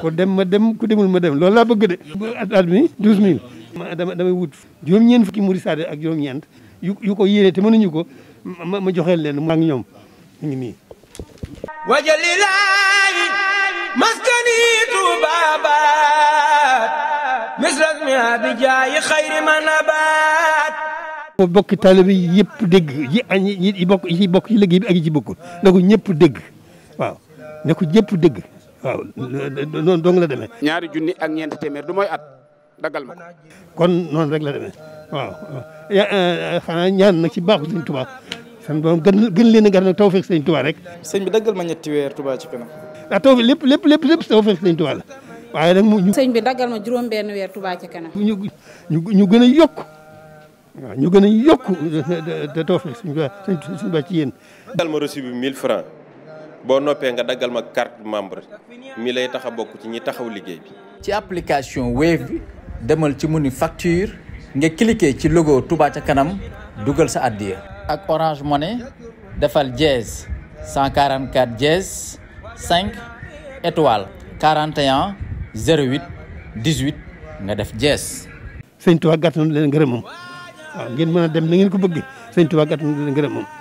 ko dem ma dem ko demul ma dem loolu laa bëgg de. at at mi ma dama damay wut juróom-ñeent fukki murid saade ak juróom-ñeent yu yu ko yéene te mënuñu ko ma ma joxeel leen maa ngi ñoom ñu ngi nii. wajalilaayi misras mi abijaayi xayri ma nabaat. ko bokk taalibe yi yëpp dégg yi ñi bokk yi bokk ci liggéey bi ci bokkul na ko ñëpp dégg waaw na ko ñëpp dégg. waaw noonu dong la demee. ñaari junni ak ñeent téeméer du mooy at dagal ma ko. kon noonu rek la demee waaw eh, xanaa ñaan nag ci baaxu Sëñ Tuubaa seen borom gën gën leen a gën a tawfeex Sëñ Tuubaa rek. sëñ bi daggal ma ñetti weer Tuubaa ci ah, lépp lépp lépp lépp tawfeex Sëñ Tuubaa la waaye nag mu. sëñ bi dagal ma juróom benn weer Tuubaa ci kanam. ñu ñu ñu gën a yokk waaw ñu gën a yokk te eh, eh, tawfeex Sëñ Tuubaa Sëñ ci yéen. dal ma reçu bi 1000 francs boo noppee nga daggal ma carte membre mi lay tax a bokk ci ñi taxaw liggéey bi. ci application Wave bi demal ci menu facture nga cliquer ci logo Touba ca kanam dugal sa addiya. ak Orange Money defal dièse 144 dièse 5 étoile 41 08 18 nga def dièse. sëñ Touba gàtt na leen gërëm moom waaw ngeen mën a dem na ngeen ko bëgg sëñ Touba gàtt na leen gërëm moom.